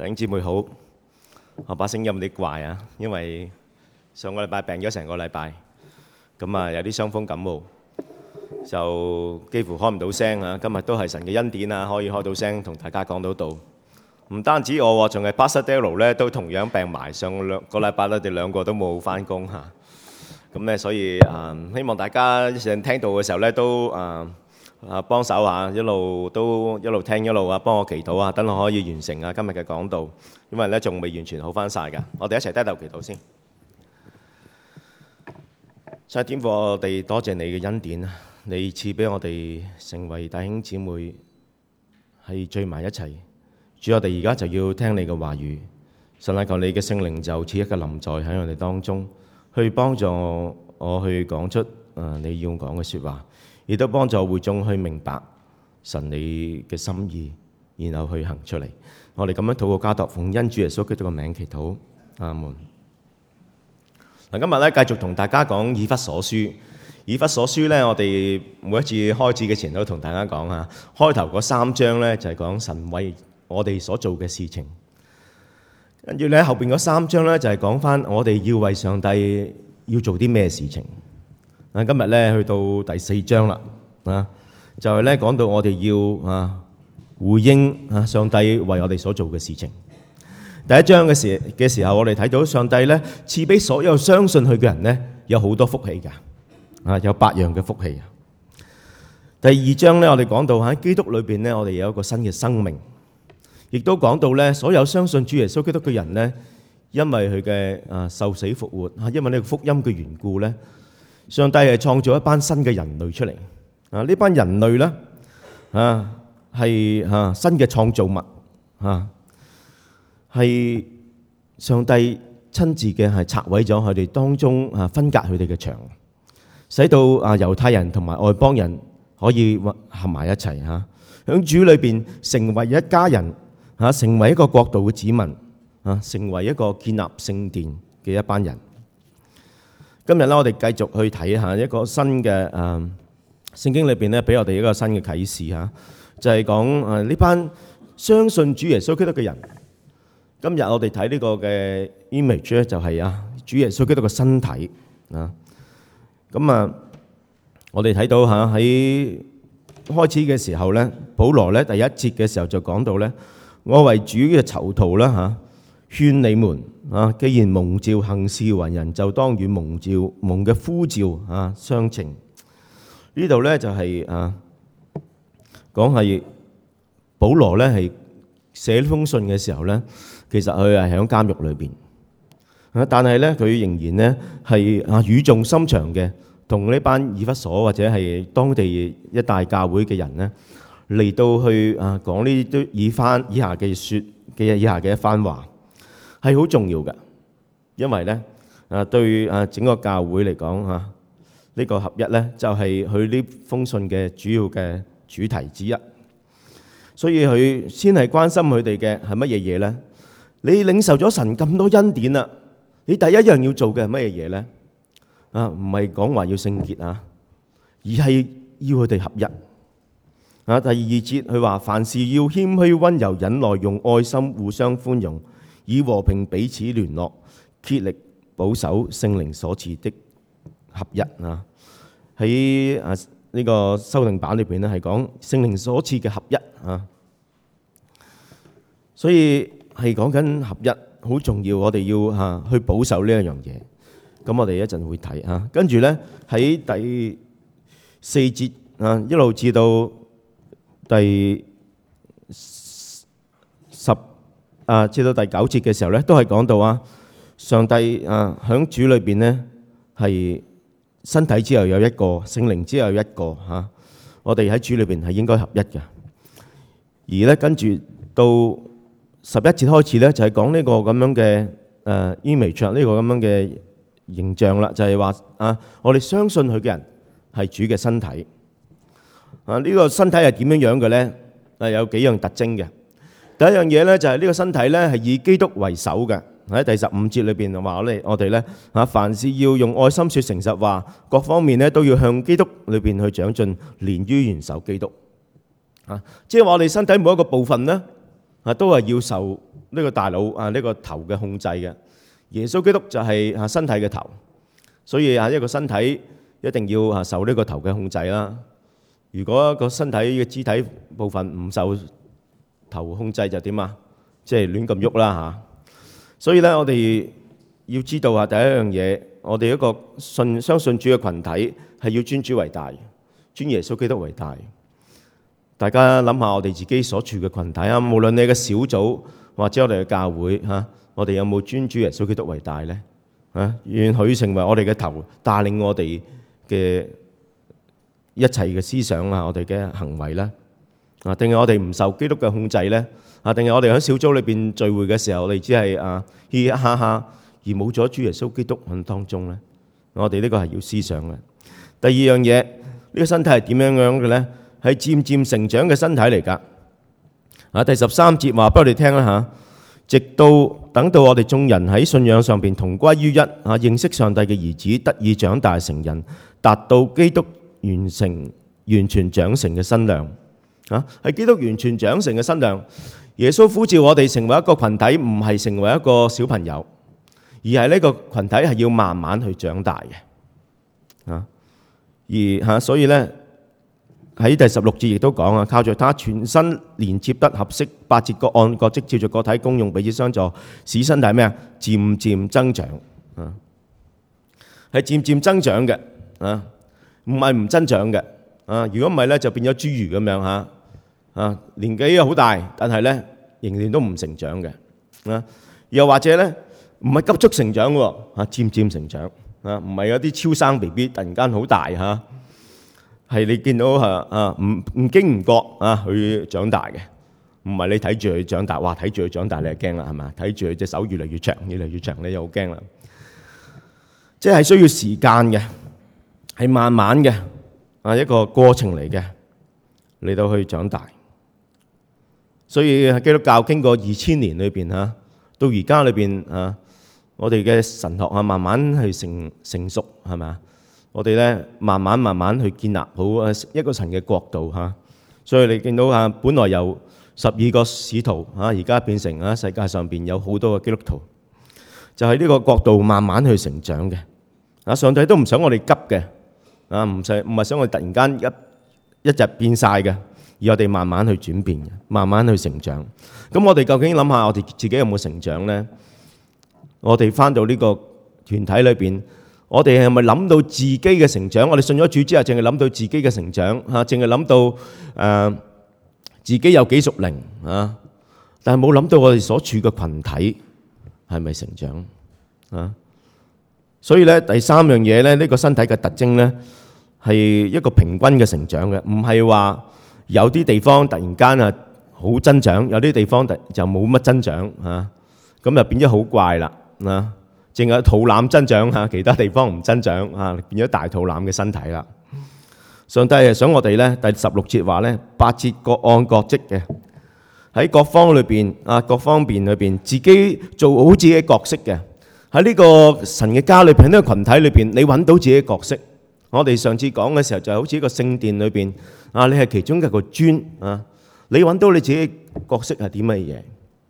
弟兄姊妹好，我把聲有啲怪啊，因為上個禮拜病咗成個禮拜，咁啊有啲傷風感冒，就幾乎開唔到聲啊。今日都係神嘅恩典啊，可以開到聲同大家講到到。唔單止我，仲係巴塞德羅咧，都同樣病埋，上兩個禮拜咧，我哋兩個都冇翻工吓。咁咧，所以啊，希望大家一陣聽到嘅時候咧，都啊。啊！幫手吓、啊，一路都一路聽，一路啊幫我祈禱啊，等我可以完成啊今日嘅講道，因為咧仲未完全好翻晒㗎。我哋一齊低頭祈禱先。神啊，天父，我哋多謝你嘅恩典啊！你賜俾我哋成為弟兄姊妹，係聚埋一齊。主啊，我哋而家就要聽你嘅話語。神啊，求你嘅聖靈就似一個臨在喺我哋當中，去幫助我，我去講出啊、呃、你要講嘅説話。亦都幫助會眾去明白神你嘅心意，然後去行出嚟。我哋咁樣禱告交託奉恩主耶穌基督嘅名祈禱，阿門。嗱，今日咧繼續同大家講《以弗所書》。《以弗所書》咧，我哋每一次開始嘅前都同大家講啊，開頭嗰三章咧就係講神為我哋所做嘅事情。跟住咧後邊嗰三章咧就係講返我哋要為上帝要做啲咩事情。啊，今日咧去到第四章啦，啊，就係咧講到我哋要啊回應啊上帝為我哋所做嘅事情。第一章嘅時嘅時候，我哋睇到上帝咧賜俾所有相信佢嘅人咧有好多福氣噶，啊有八樣嘅福氣。第二章咧，我哋講到喺基督裏邊咧，我哋有一個新嘅生命，亦都講到咧所有相信主耶穌基督嘅人咧，因為佢嘅啊受死復活，啊因為呢個福音嘅緣故咧。上帝係創造一班新嘅人類出嚟，啊呢班人類咧，啊係啊新嘅創造物，啊係上帝親自嘅係拆毀咗佢哋當中啊分隔佢哋嘅牆，使到啊猶太人同埋外邦人可以合埋一齊嚇，喺主裏面成為一家人嚇，成為一個國度嘅子民啊，成為一個建立聖殿嘅一班人。今日啦，我哋繼續去睇下一個新嘅誒聖經裏邊咧，俾我哋一個新嘅啟示嚇、啊，就係講誒呢班相信主耶穌基督嘅人。今日我哋睇呢個嘅 image 咧、啊，就係啊主耶穌基督嘅身體啊。咁啊，我哋睇到嚇、啊、喺開始嘅時候咧，保羅咧第一節嘅時候就講到咧，我為主嘅囚徒啦嚇。啊勸你們啊，既然蒙召行事為人，就當與蒙召蒙嘅呼召啊相稱。呢度咧就係啊講係保羅咧係寫呢封信嘅時候咧，其實佢係喺監獄裏邊啊，但係咧佢仍然咧係啊語重心長嘅，同呢班以弗所或者係當地一大教會嘅人咧嚟到去啊講呢啲以番以下嘅説嘅嘢以下嘅一番話。係好重要噶，因為咧，啊對啊整個教會嚟講吓，呢個合一咧就係佢呢封信嘅主要嘅主題之一。所以佢先係關心佢哋嘅係乜嘢嘢咧？你領受咗神咁多恩典啦，你第一樣要做嘅係乜嘢嘢咧？啊，唔係講話要聖潔啊，而係要佢哋合一。啊，第二節佢話凡事要謙虛、溫柔、忍耐，用愛心互相寬容。以和平彼此聯絡，竭力保守聖靈所賜的合一啊！喺啊呢個修訂版裏邊呢，係講聖靈所賜嘅合一啊。所以係講緊合一好重要，我哋要嚇去保守呢一樣嘢。咁我哋一陣會睇吓，跟住呢喺第四節啊，一路至到第十。啊，至到第九節嘅時候咧，都係講到啊，上帝啊，響主裏邊咧係身體之後有一個聖靈之後有一個嚇。我哋喺主裏邊係應該合一嘅。而咧跟住到十一節開始咧，這個，就係講呢個咁樣嘅誒伊薇卓呢個咁樣嘅形象啦，就係話啊，我哋相信佢嘅人係主嘅身體啊，呢，這個身體係點樣樣嘅咧？啊，有幾樣特徵嘅。第一樣嘢咧，就係呢個身體咧係以基督為首嘅。喺第十五節裏邊話我哋，我哋咧啊，凡事要用愛心說誠實話，各方面咧都要向基督裏邊去長進，連於元首基督。啊，即係話我哋身體每一個部分咧啊，都係要受呢個大腦啊呢個頭嘅控制嘅。耶穌基督就係啊身體嘅頭，所以啊一個身體一定要啊受呢個頭嘅控制啦。如果個身體嘅肢體部分唔受，頭控制就點啊？即係亂咁喐啦，吓！所以咧，我哋要知道啊，第一樣嘢，我哋一個信相信主嘅群體係要尊主為大，尊耶穌基督為大。大家諗下我哋自己所處嘅群體啊，無論你嘅小組或者我哋嘅教會吓，我哋有冇尊主耶穌基督為大咧？啊，願佢成為我哋嘅頭，帶領我哋嘅一切嘅思想啊，我哋嘅行為咧。啊！定係我哋唔受基督嘅控制呢？啊！定係我哋喺小組裏邊聚會嘅時候，我哋只係啊嘻嘻哈哈，而冇咗主耶穌基督喺當中呢？我哋呢個係要思想嘅。第二樣嘢，呢個身體係點樣樣嘅呢？係漸漸成長嘅身體嚟㗎。啊，第十三節話俾我哋聽啦嚇，直到等到我哋眾人喺信仰上邊同歸於一啊，認識上帝嘅兒子，得以長大成人，達到基督完成完全長成嘅身量。啊，係基督完全長成嘅身量，耶穌呼召我哋成為一個群體，唔係成為一個小朋友，而係呢個群體係要慢慢去長大嘅。啊，而吓，啊，所以咧喺第十六節亦都講啊，靠着他全身連接得合適，八節各按各個職照着個體功用彼此相助，使身體咩啊，漸漸增長。啊，係漸漸增長嘅。啊，唔係唔增長嘅。啊，如果唔係咧，就變咗侏儒咁樣吓。啊啊，年紀又好大，但係咧仍然都唔成長嘅。啊，又或者咧唔係急速成長喎，啊，漸漸成長。啊，唔係有啲超生 B B 突然間好大吓，係你見到吓吓唔唔經唔覺啊佢長大嘅，唔係你睇住佢長大，哇睇住佢長大你就驚啦係嘛？睇住佢隻手越嚟越長，越嚟越長你又好驚啦。即係需要時間嘅，係慢慢嘅啊一個過程嚟嘅，你到去長大。所以基督教經過二千年裏面，到而家裏面，我哋嘅神學慢慢去成成熟係咪啊？我哋咧慢慢慢慢去建立好一個神嘅國度。所以你見到本來有十二個使徒嚇，而家變成啊世界上邊有好多嘅基督徒，就喺、是、呢個國度慢慢去成長嘅。啊，上帝都唔想我哋急嘅，啊，唔想唔係想我哋突然間一一日變晒嘅。而我哋慢慢去轉變，慢慢去成長。咁我哋究竟諗下，我哋自己有冇成長咧？我哋翻到呢個團體裏邊，我哋係咪諗到自己嘅成長？我哋信咗主之後，淨係諗到自己嘅成長嚇，淨係諗到誒自己有幾屬靈啊？但係冇諗到我哋所處嘅羣體係咪成長啊？所以咧，第三樣嘢咧，呢個身體嘅特徵咧，係一個平均嘅成長嘅，唔係話。有啲地方突然間啊，好增長；有啲地方就冇乜增長嚇。咁就變咗好怪啦啊！淨係肚腩增長嚇，其他地方唔增長嚇，變咗大肚腩嘅身體啦。上帝係想我哋咧，第十六節話咧，八節各按各職嘅，喺各方裏邊啊，各方面裏邊，自己做好自己嘅角色嘅。喺呢個神嘅家裏邊，喺呢個羣體裏邊，你揾到自己嘅角色。我哋上次講嘅時候就好似一個聖殿裏面，啊，你係其中嘅一個磚啊，你揾到你自己角色係啲乜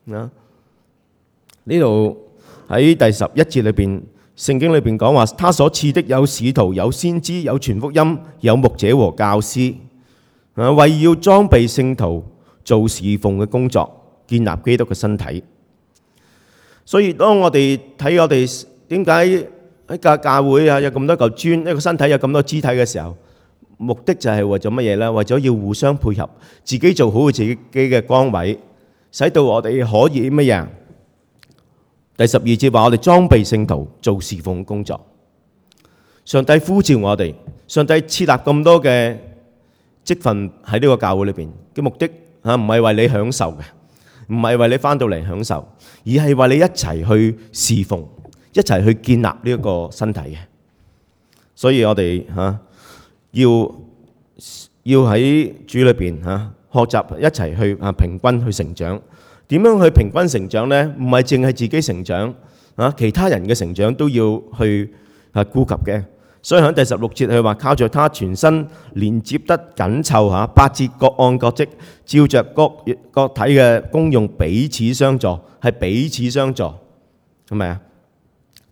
嘢啊？呢度喺第十一節裏面，聖經裏面講話，他所賜的有使徒，有先知，有傳福音，有牧者和教師，啊，為要裝備聖徒做侍奉嘅工作，建立基督嘅身體。所以當我哋睇我哋點解？喺教教會啊，有咁多嚿磚，一個身體有咁多肢體嘅時候，目的就係為咗乜嘢咧？為咗要互相配合，自己做好自己嘅崗位，使到我哋可以乜嘢？第十二節話我哋裝備聖徒做侍奉工作。上帝呼召我哋，上帝設立咁多嘅職份喺呢個教會裏邊嘅目的啊，唔係為你享受嘅，唔係為你翻到嚟享受，而係為你一齊去侍奉。一齊去建立呢一個身體嘅，所以我哋嚇要要喺主裏邊嚇學習一齊去啊，平均去成長，點樣去平均成長呢？唔係淨係自己成長啊，其他人嘅成長都要去啊顧及嘅。所以喺第十六節佢話靠著他全身連接得緊湊，嚇，八節各按各職，照著各各體嘅功用彼此相助，係彼此相助，係咪啊？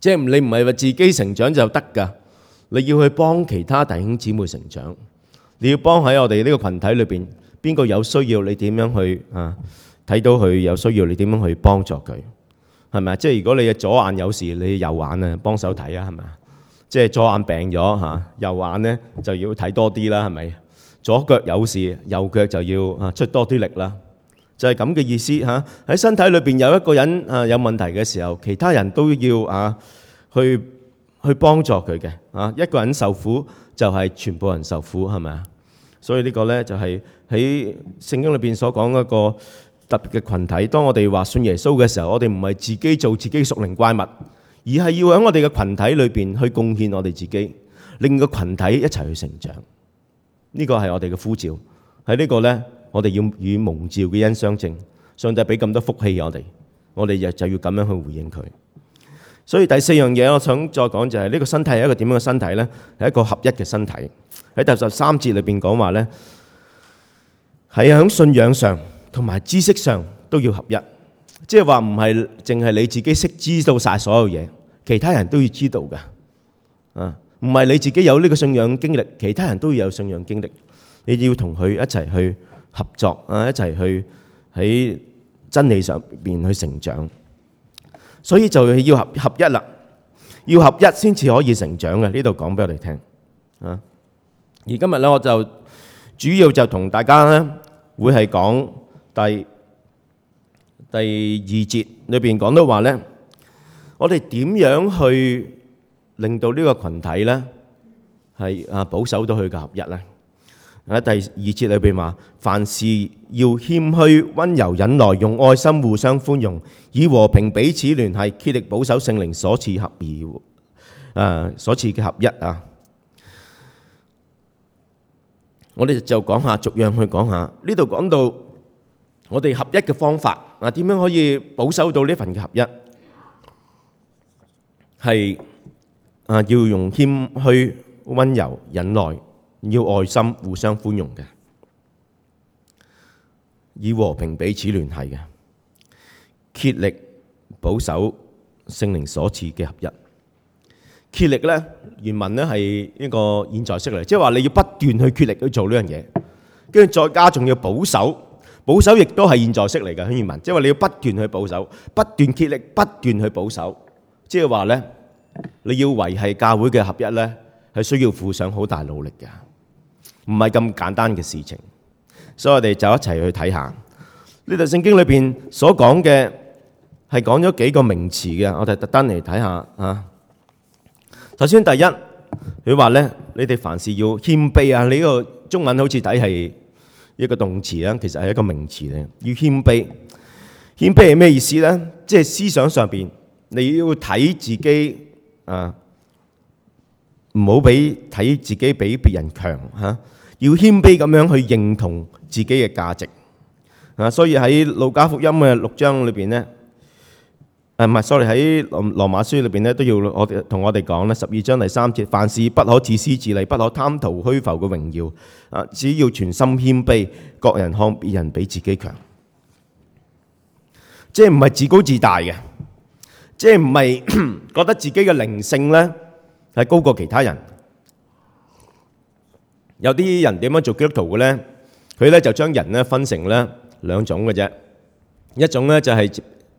即係你唔係話自己成長就得㗎，你要去幫其他弟兄姊妹成長。你要幫喺我哋呢個群體裏邊，邊個有需要，你點樣去啊？睇到佢有需要，你點樣去幫助佢？係咪啊？即係如果你嘅左眼有事，你右眼啊幫手睇啊，係咪啊？即係左眼病咗嚇，右眼咧就要睇多啲啦，係咪？左腳有事，右腳就要啊出多啲力啦。就係咁嘅意思嚇，喺身體裏邊有一個人啊有問題嘅時候，其他人都要啊去去幫助佢嘅啊，一個人受苦就係全部人受苦，係咪啊？所以呢個呢，就係喺聖經裏邊所講一個特別嘅群體。當我哋話信耶穌嘅時候，我哋唔係自己做自己嘅屬靈怪物，而係要喺我哋嘅群體裏邊去貢獻我哋自己，令個群體一齊去成長。呢個係我哋嘅呼召喺呢個呢。我哋要與蒙召嘅恩相稱，上帝俾咁多福氣我哋，我哋又就要咁樣去回應佢。所以第四樣嘢，我想再講就係呢個身體係一個點樣嘅身體呢？係一個合一嘅身體。喺第十三節裏邊講話呢，係喺信仰上同埋知識上都要合一，即係話唔係淨係你自己識知道晒所有嘢，其他人都要知道㗎。啊，唔係你自己有呢個信仰經歷，其他人都要有信仰經歷，你要同佢一齊去。合作啊！一齊去喺真理上邊去成長，所以就要合合一啦，要合一先至可以成長嘅。呢度講俾我哋聽啊！而今日咧，我就主要就同大家咧會係講第第二節裏邊講到話咧，我哋點樣去令到呢個羣體咧係啊保守到佢嘅合一咧？喺第二節裏邊話，凡事要謙虛、温柔、忍耐，用愛心互相寬容，以和平彼此聯繫，竭力保守聖靈所賜合而誒所賜嘅合一啊！我哋就講下，逐樣去講下。呢度講到我哋合一嘅方法，嗱點樣可以保守到呢份嘅合一？係啊，要用謙虛、温柔、忍耐。要愛心互相寬容嘅，以和平彼此聯繫嘅，竭力保守聖靈所賜嘅合一。竭力咧原文咧係一個現在式嚟，即係話你要不斷去竭力去做呢樣嘢，跟住再加仲要保守，保守亦都係現在式嚟嘅喺原文，即係話你要不斷去保守，不斷竭力，不斷去保守，即係話咧，你要維繫教會嘅合一咧，係需要付上好大努力嘅。唔係咁簡單嘅事情，所以我哋就一齊去睇下呢度聖經裏邊所講嘅係講咗幾個名詞嘅，我哋特登嚟睇下啊。頭先第一佢話咧，你哋凡事要謙卑啊！你呢個中文好似睇係一個動詞啊，其實係一個名詞嚟嘅。要謙卑，謙卑係咩意思咧？即係思想上邊你要睇自己啊，唔好俾睇自己比別人強吓。啊要謙卑咁樣去認同自己嘅價值啊，所以喺《路加福音》嘅六章裏邊咧，誒唔係，sorry 喺《羅羅馬書》裏邊咧都要我同我哋講咧，十二章第三節，凡事不可自私自利，不可貪圖虛浮嘅榮耀啊，只要全心謙卑，各人看別人比自己強，即係唔係自高自大嘅，即係唔係覺得自己嘅靈性咧係高過其他人。有啲人點樣做基督徒嘅咧？佢咧就將人咧分成咧兩種嘅啫，一種咧就係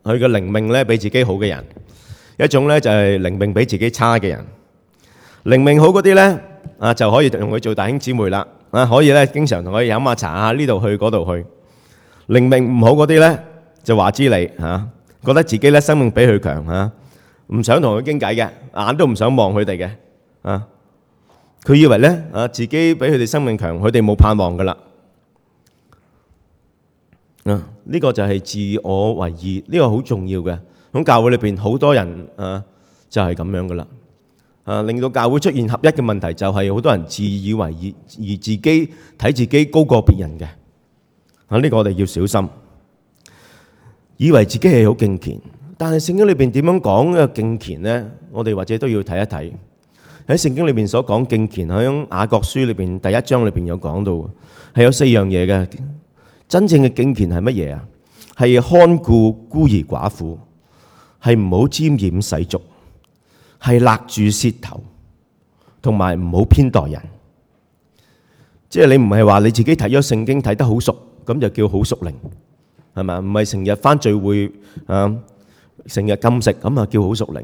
佢嘅靈命咧比自己好嘅人，一種咧就係靈命比自己差嘅人。靈命好嗰啲咧啊就可以同佢做大兄姊妹啦，啊可以咧經常同佢飲下茶啊，呢度去嗰度去。靈命唔好嗰啲咧就話知你嚇，覺得自己咧生命比佢強嚇，唔想同佢傾偈嘅，眼都唔想望佢哋嘅啊。佢以為咧啊，自己比佢哋生命強，佢哋冇盼望噶啦。嗯，呢個就係自我為義，呢個好重要嘅。咁教會裏邊好多人啊，就係咁樣噶啦。啊，令到教會出現合一嘅問題，就係好多人自以為義，而自己睇自己高過別人嘅。啊，呢個我哋要小心。以為自己係好敬虔，但係聖經裏邊點樣講嘅敬虔咧？我哋或者都要睇一睇。喺聖經裏邊所講敬虔，喺雅各書裏邊第一章裏邊有講到，係有四樣嘢嘅。真正嘅敬虔係乜嘢啊？係看顧孤兒寡婦，係唔好沾染世俗，係勒住舌頭，同埋唔好偏待人。即係你唔係話你自己睇咗聖經睇得好熟，咁就叫好熟靈，係咪？唔係成日翻聚會，嗯，成日禁食咁啊叫好熟靈。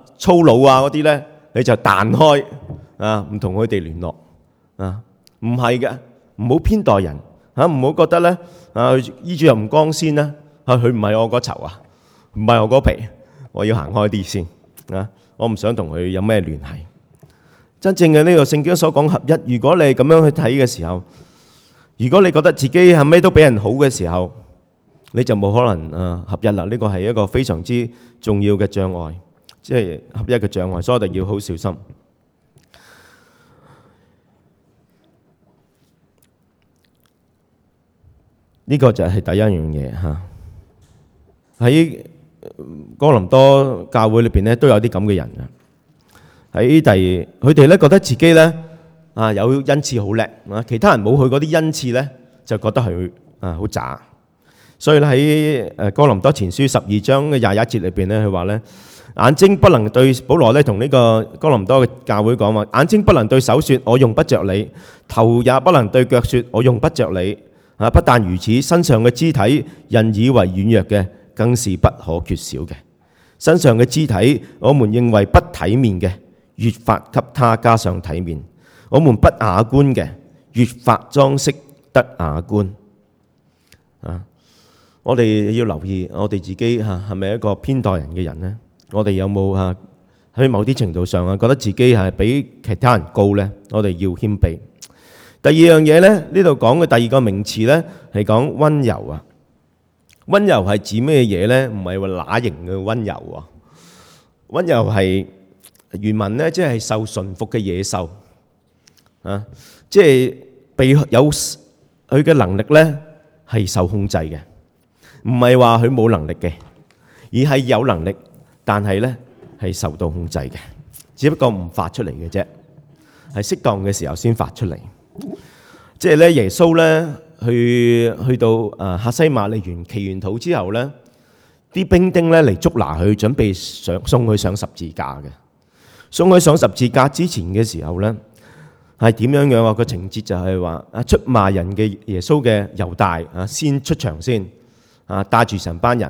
粗魯啊！嗰啲呢，你就彈開啊，唔同佢哋聯絡啊，唔係嘅，唔好偏待人吓，唔好覺得呢，啊「啊，衣著又唔光鮮啦，佢唔係我個仇啊，唔係我個皮，我要行開啲先啊，我唔想同佢有咩聯繫。真正嘅呢個聖經所講合一，如果你咁樣去睇嘅時候，如果你覺得自己係咩都比人好嘅時候，你就冇可能啊合一啦。呢個係一個非常之重要嘅障礙。即係合一嘅障礙，所以我哋要好小心。呢個就係第一樣嘢嚇。喺哥林多教會裏邊咧，都有啲咁嘅人啊。喺第二佢哋咧覺得自己咧啊有恩賜好叻啊，其他人冇去嗰啲恩賜咧，就覺得佢啊好渣。所以咧喺誒哥林多前書十二章嘅廿一節裏邊咧，佢話咧。眼睛不能對保羅咧，同呢個哥林多嘅教會講話，眼睛不能對手說，我用不着你；頭也不能對腳說，我用不着你。啊，不但如此，身上嘅肢體，人以為軟弱嘅，更是不可缺少嘅；身上嘅肢體，我們認為不體面嘅，越發給他加上體面；我們不雅觀嘅，越發裝飾得雅觀。啊，我哋要留意，我哋自己吓係咪一個偏待人嘅人呢？我哋有冇啊？喺某啲程度上啊，覺得自己係比其他人高咧。我哋要謙卑。第二樣嘢咧，呢度講嘅第二個名詞咧，係講溫柔啊。溫柔係指咩嘢咧？唔係話乸型嘅溫柔喎。溫柔係原文咧，即係受馴服嘅野獸啊，即係被有佢嘅能力咧係受控制嘅，唔係話佢冇能力嘅，而係有能力。但係咧，係受到控制嘅，只不過唔發出嚟嘅啫，係適當嘅時候先發出嚟。即係咧，耶穌咧去去到啊，客西馬尼園祈完禱之後咧，啲兵丁咧嚟捉拿佢，準備上送佢上十字架嘅。送佢上十字架之前嘅時候咧，係點樣樣啊？個情節就係話啊，出賣人嘅耶穌嘅猶大啊，先出場先啊，帶住成班人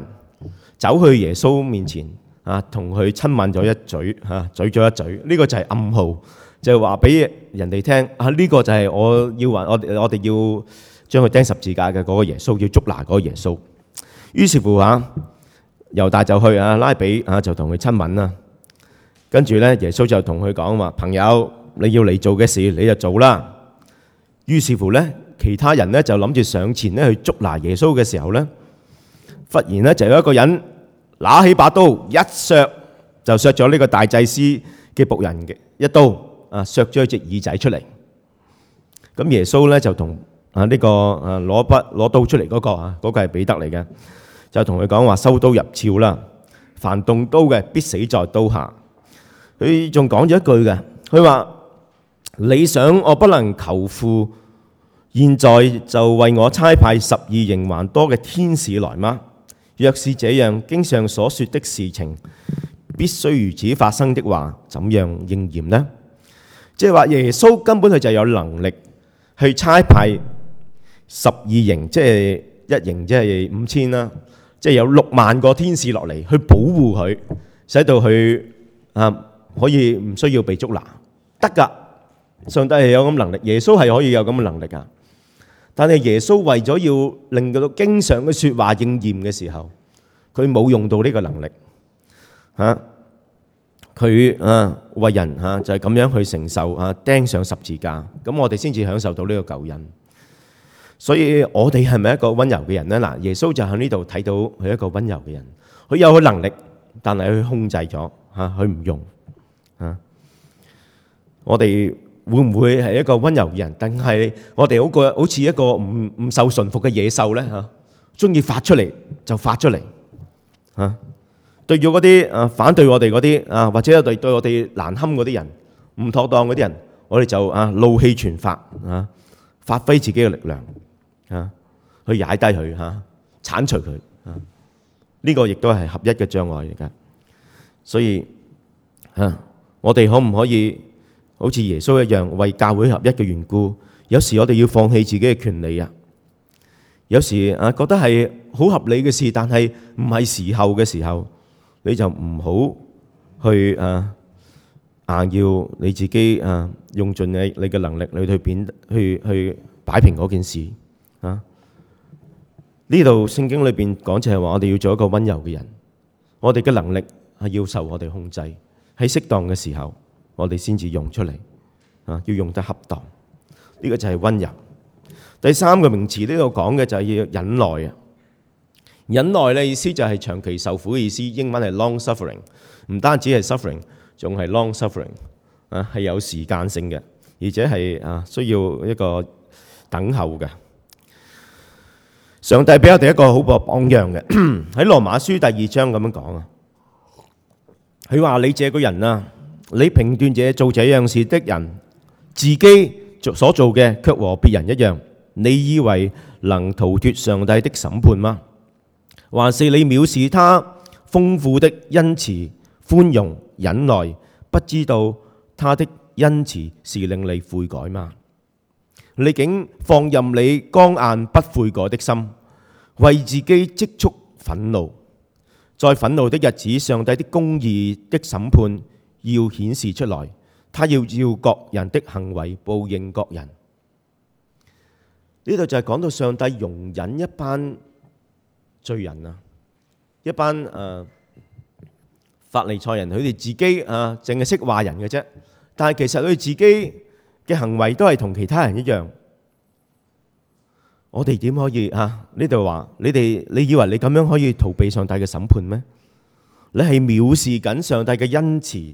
走去耶穌面前。啊，同佢親吻咗一嘴，嚇，嘴咗一嘴，呢個就係暗號，就係話俾人哋聽，啊，呢個就係我要還，我我哋要將佢釘十字架嘅嗰個耶穌，要捉拿嗰個耶穌。於是乎啊，猶大就去啊，拉比啊，就同佢親吻啦。跟住咧，耶穌就同佢講話：朋友，你要嚟做嘅事，你就做啦。於是乎咧，其他人咧就諗住上前咧去捉拿耶穌嘅時候咧，忽然咧就有一個人。拿起把刀一削，就削咗呢個大祭司嘅僕人嘅一刀，啊削咗一隻耳仔出嚟。咁耶穌咧就同啊呢個攞筆攞刀出嚟嗰個啊嗰個係彼得嚟嘅，就同佢講話，收刀入鞘啦。凡動刀嘅必死在刀下。佢仲講咗一句嘅，佢話，你想我不能求父，現在就為我差派十二營還多嘅天使來嗎？若是這樣，經上所說的事情必須如此發生的話，怎樣應驗呢？即係話耶穌根本佢就有能力去差派十二營，即係一營即係五千啦，即係有六萬個天使落嚟去保護佢，使到佢啊可以唔需要被捉拿，得噶。上帝係有咁能力，耶穌係可以有咁嘅能力噶。但係耶穌為咗要令到經上嘅說話應驗嘅時候，佢冇用到呢個能力，吓佢啊為人吓就係咁樣去承受啊釘上十字架，咁我哋先至享受到呢個救恩。所以我哋係咪一個溫柔嘅人咧？嗱，耶穌就喺呢度睇到佢一個溫柔嘅人，佢有佢能力，但係佢控制咗吓，佢唔用吓。我哋。會唔會係一個温柔嘅人，定係我哋好個好似一個唔唔受馴服嘅野獸咧？吓，中意發出嚟，就發出嚟，吓。對住嗰啲啊反對我哋嗰啲啊，或者對對我哋難堪嗰啲人，唔妥當嗰啲人，我哋就啊怒氣全發啊，發揮自己嘅力量啊，去踩低佢吓，鏟除佢。呢個亦都係合一嘅障礙嚟㗎，所以吓我哋可唔可以？好似耶穌一樣，為教會合一嘅緣故，有時我哋要放棄自己嘅權利啊！有時啊，覺得係好合理嘅事，但係唔係時候嘅時候，你就唔好去啊，硬要你自己啊，用盡你你嘅能力嚟去扁去去擺平嗰件事啊！呢度聖經裏邊講就係話，我哋要做一個温柔嘅人，我哋嘅能力係要受我哋控制，喺適當嘅時候。我哋先至用出嚟，啊，要用得恰當。呢個就係溫柔。第三個名詞呢度講嘅就係要忍耐啊。忍耐嘅意思就係長期受苦嘅意思，英文係 long suffering，唔單止係 suffering，仲係 long suffering，啊，係有時間性嘅，而且係啊需要一個等候嘅。上帝俾我哋一個好嘅榜樣嘅，喺羅馬書第二章咁樣講啊。佢話你這個人啊。你評斷者做這樣事的人，自己所做嘅卻和別人一樣。你以為能逃脫上帝的審判嗎？還是你藐視他豐富的恩慈、寬容、忍耐，不知道他的恩慈是令你悔改嗎？你竟放任你剛硬不悔改的心，為自己積蓄憤怒，在憤怒的日子，上帝的公義的審判。要顯示出來，他要照各人的行為報應各人。呢度就係講到上帝容忍一班罪人啊，一班誒法利賽人，佢哋自己啊淨係識話人嘅啫，但係其實佢哋自己嘅行為都係同其他人一樣。我哋點可以啊？呢度話你哋，你以為你咁樣可以逃避上帝嘅審判咩？你係藐視緊上帝嘅恩慈。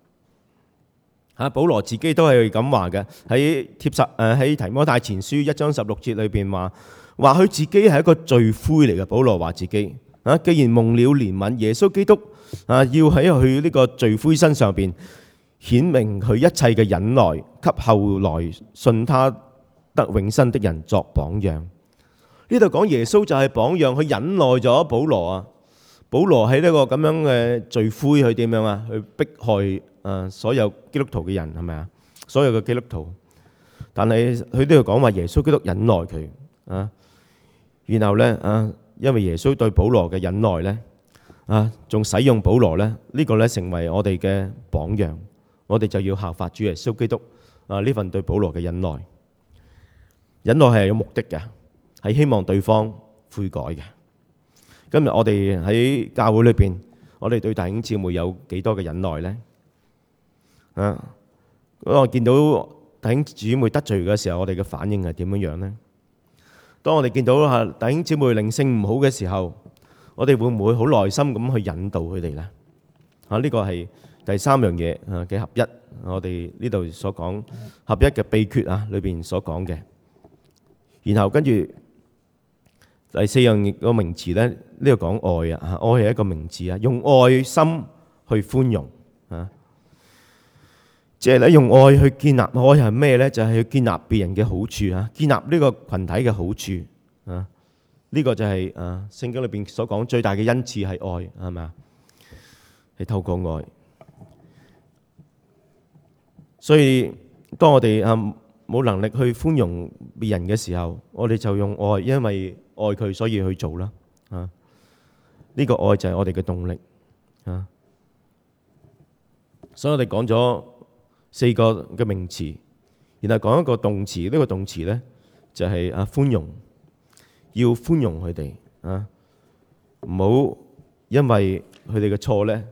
啊！保羅自己都係咁話嘅，喺帖十誒，喺提摩太前書一章十六節裏邊話，話佢自己係一個罪魁嚟嘅。保羅話自己啊，既然蒙了憐憫，耶穌基督啊，要喺佢呢個罪魁身上邊顯明佢一切嘅忍耐，給後來信他得永生的人作榜樣。呢度講耶穌就係榜樣，佢忍耐咗保羅啊。保羅喺呢個咁樣嘅罪魁，去點樣啊？去迫害啊所有基督徒嘅人係咪啊？所有嘅基督徒，但係佢都要講話耶穌基督忍耐佢啊。然後咧啊，因為耶穌對保羅嘅忍耐咧啊，仲使用保羅咧，呢個咧成為我哋嘅榜樣。我哋就要效法主耶穌基督啊！呢份對保羅嘅忍耐，忍耐係有目的嘅，係希望對方悔改嘅。今日我哋喺教會裏邊，我哋對弟兄姊妹有幾多嘅忍耐咧？啊，當我見到弟兄姊妹得罪嘅時候，我哋嘅反應係點樣樣咧？當我哋見到啊弟兄姊妹靈性唔好嘅時候，我哋會唔會好耐心咁去引導佢哋咧？啊，呢個係第三樣嘢啊嘅合一，我哋呢度所講合一嘅秘訣啊，裏邊所講嘅。然後跟住。第四樣個名詞咧，呢個講愛啊，愛係一個名詞啊，用愛心去寬容啊，即係咧用愛去建立愛係咩咧？就係去建立別人嘅好處啊，建立呢個羣體嘅好處啊。呢個就係啊聖經裏邊所講最大嘅恩賜係愛係咪啊？係透過愛，所以當我哋啊冇能力去寬容別人嘅時候，我哋就用愛，因為，愛佢，所以去做啦。啊，呢個愛就係我哋嘅動力。啊，所以我哋講咗四個嘅名詞，然後講一個動詞。呢個動詞咧就係啊寬容，要寬容佢哋啊，唔好因為佢哋嘅錯咧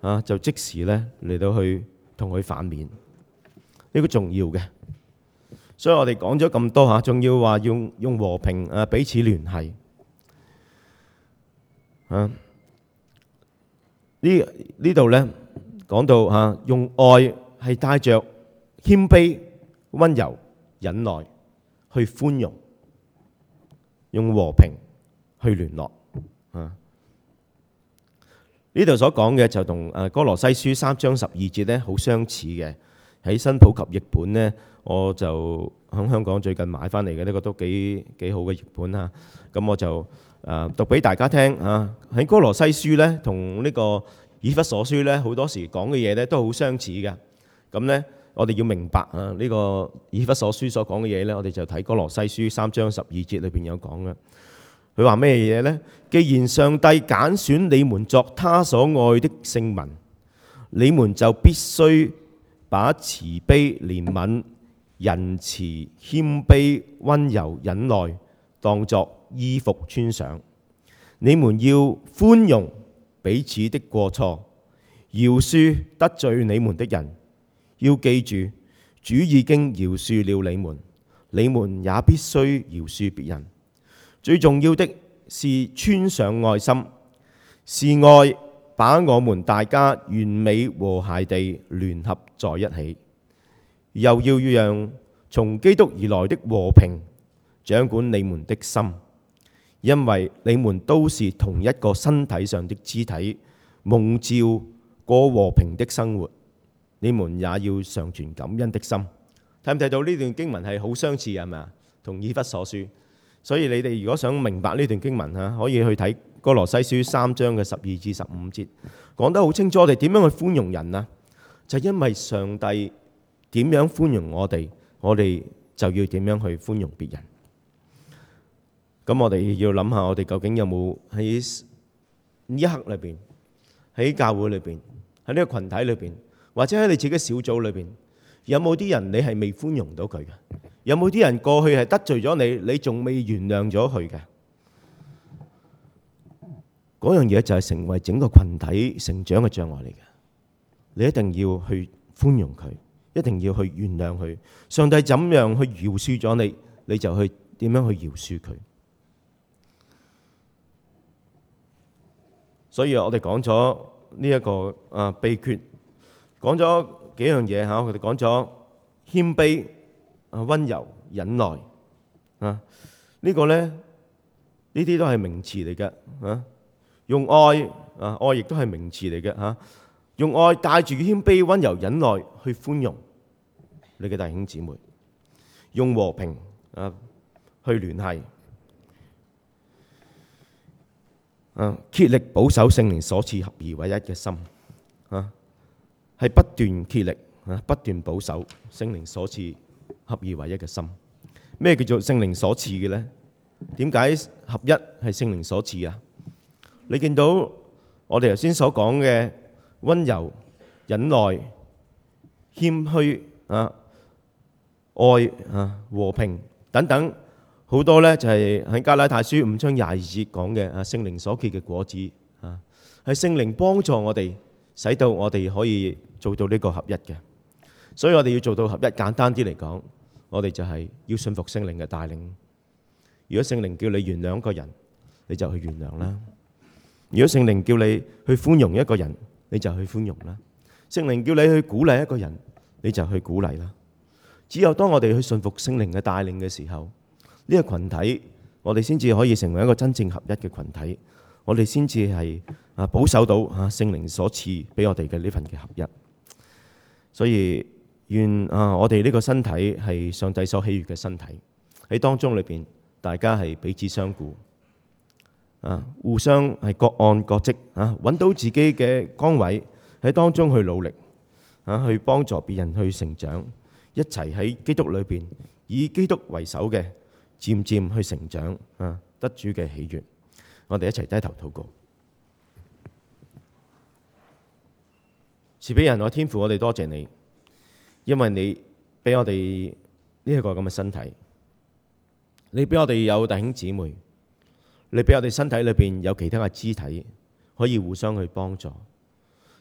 啊就即時咧嚟到去同佢反面，呢個重要嘅。所以我哋講咗咁多吓，仲要話用用和平誒彼此聯繫，啊呢呢度咧講到吓、啊、用愛係帶着謙卑、溫柔、忍耐去寬容，用和平去聯絡，啊呢度所講嘅就同誒哥羅西書三章十二節咧好相似嘅，喺新普及譯本咧。我就喺香港最近買翻嚟嘅呢個都幾幾好嘅譯本啊。咁我就誒讀俾大家聽啊。喺哥羅西書呢，同呢個以弗所書呢，好多時講嘅嘢呢都好相似嘅。咁呢，我哋要明白啊，呢個以弗所書所講嘅嘢呢，我哋就睇哥羅西書三章十二節裏邊有講㗎。佢話咩嘢呢？既然上帝揀選你們作他所愛的聖民，你們就必須把慈悲、憐憫、仁慈、謙卑、溫柔、忍耐，當作衣服穿上。你們要寬容彼此的過錯，饒恕得罪你們的人。要記住，主已經饒恕了你們，你們也必須饒恕別人。最重要的是穿上愛心，是愛把我們大家完美和諧地聯合在一起。又要讓從基督而來的和平掌管你們的心，因為你們都是同一個身體上的肢體，蒙召過和平的生活。你們也要常存感恩的心。睇唔睇到呢段經文係好相似啊？係咪啊？同以弗所書。所以你哋如果想明白呢段經文吓，可以去睇哥羅西書三章嘅十二至十五節，講得好清楚。我哋點樣去寬容人啊？就是、因為上帝。點樣寬容我哋，我哋就要點樣去寬容別人。咁我哋要諗下，我哋究竟有冇喺呢一刻裏邊，喺教會裏邊，喺呢個群體裏邊，或者喺你自己小組裏邊，有冇啲人你係未寬容到佢嘅？有冇啲人過去係得罪咗你，你仲未原諒咗佢嘅？嗰樣嘢就係成為整個群體成長嘅障礙嚟嘅。你一定要去寬容佢。一定要去原諒佢，上帝怎樣去饒恕咗你，你就去點樣去饒恕佢。所以我哋講咗呢一個啊秘訣，講咗幾樣嘢吓，我哋講咗謙卑、啊溫柔、忍耐啊，這個、呢個咧呢啲都係名詞嚟嘅啊，用愛啊，愛亦都係名詞嚟嘅吓。啊用愛帶住謙卑、溫柔、忍耐去寬容你嘅弟兄姊妹，用和平啊去聯繫，啊竭力保守聖靈所賜合二為一嘅心，啊係不斷竭力啊不斷保守聖靈所賜合二為一嘅心。咩叫做聖靈所賜嘅咧？點解合一係聖靈所賜啊？你見到我哋頭先所講嘅。溫柔、忍耐、謙虛啊、愛啊、和平等等好多咧，就係、是、喺加拉太書五章廿二節講嘅啊，聖靈所結嘅果子啊，係聖靈幫助我哋，使到我哋可以做到呢個合一嘅。所以我哋要做到合一，簡單啲嚟講，我哋就係要信服聖靈嘅帶領。如果聖靈叫你原諒一個人，你就去原諒啦；如果聖靈叫你去寬容一個人，你就去寬容啦，聖靈叫你去鼓勵一個人，你就去鼓勵啦。只有當我哋去信服聖靈嘅帶領嘅時候，呢個群體我哋先至可以成為一個真正合一嘅群體，我哋先至係啊保守到啊聖靈所賜俾我哋嘅呢份嘅合一。所以願啊我哋呢個身體係上帝所喜悅嘅身體，喺當中裏邊大家係彼此相顧。啊！互相係各按各職啊，揾到自己嘅崗位喺當中去努力啊，去幫助別人去成長，一齊喺基督裏邊以基督為首嘅，漸漸去成長啊，得主嘅喜悅。我哋一齊低頭禱告，慈悲人我天父，我哋多謝你，因為你俾我哋呢一個咁嘅身體，你俾我哋有弟兄姊妹。你俾我哋身體裏邊有其他嘅肢體可以互相去幫助。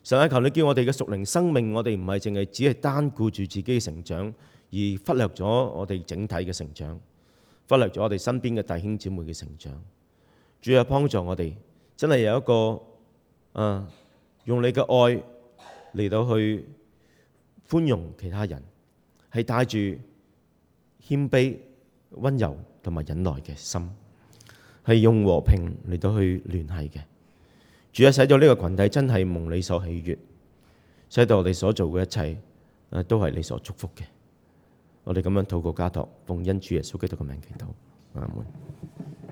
神啊，求你叫我哋嘅屬靈生命，我哋唔係淨係只係單顧住自己嘅成長，而忽略咗我哋整體嘅成長，忽略咗我哋身邊嘅弟兄姊妹嘅成長。主啊，幫助我哋，真係有一個，啊，用你嘅愛嚟到去寬容其他人，係帶住謙卑、溫柔同埋忍耐嘅心。係用和平嚟到去聯繫嘅，主啊，使到呢個群體真係蒙你所喜悅，使到我哋所做嘅一切，誒都係你所祝福嘅。我哋咁樣禱告交託，奉恩主耶穌基督嘅名祈禱，阿門。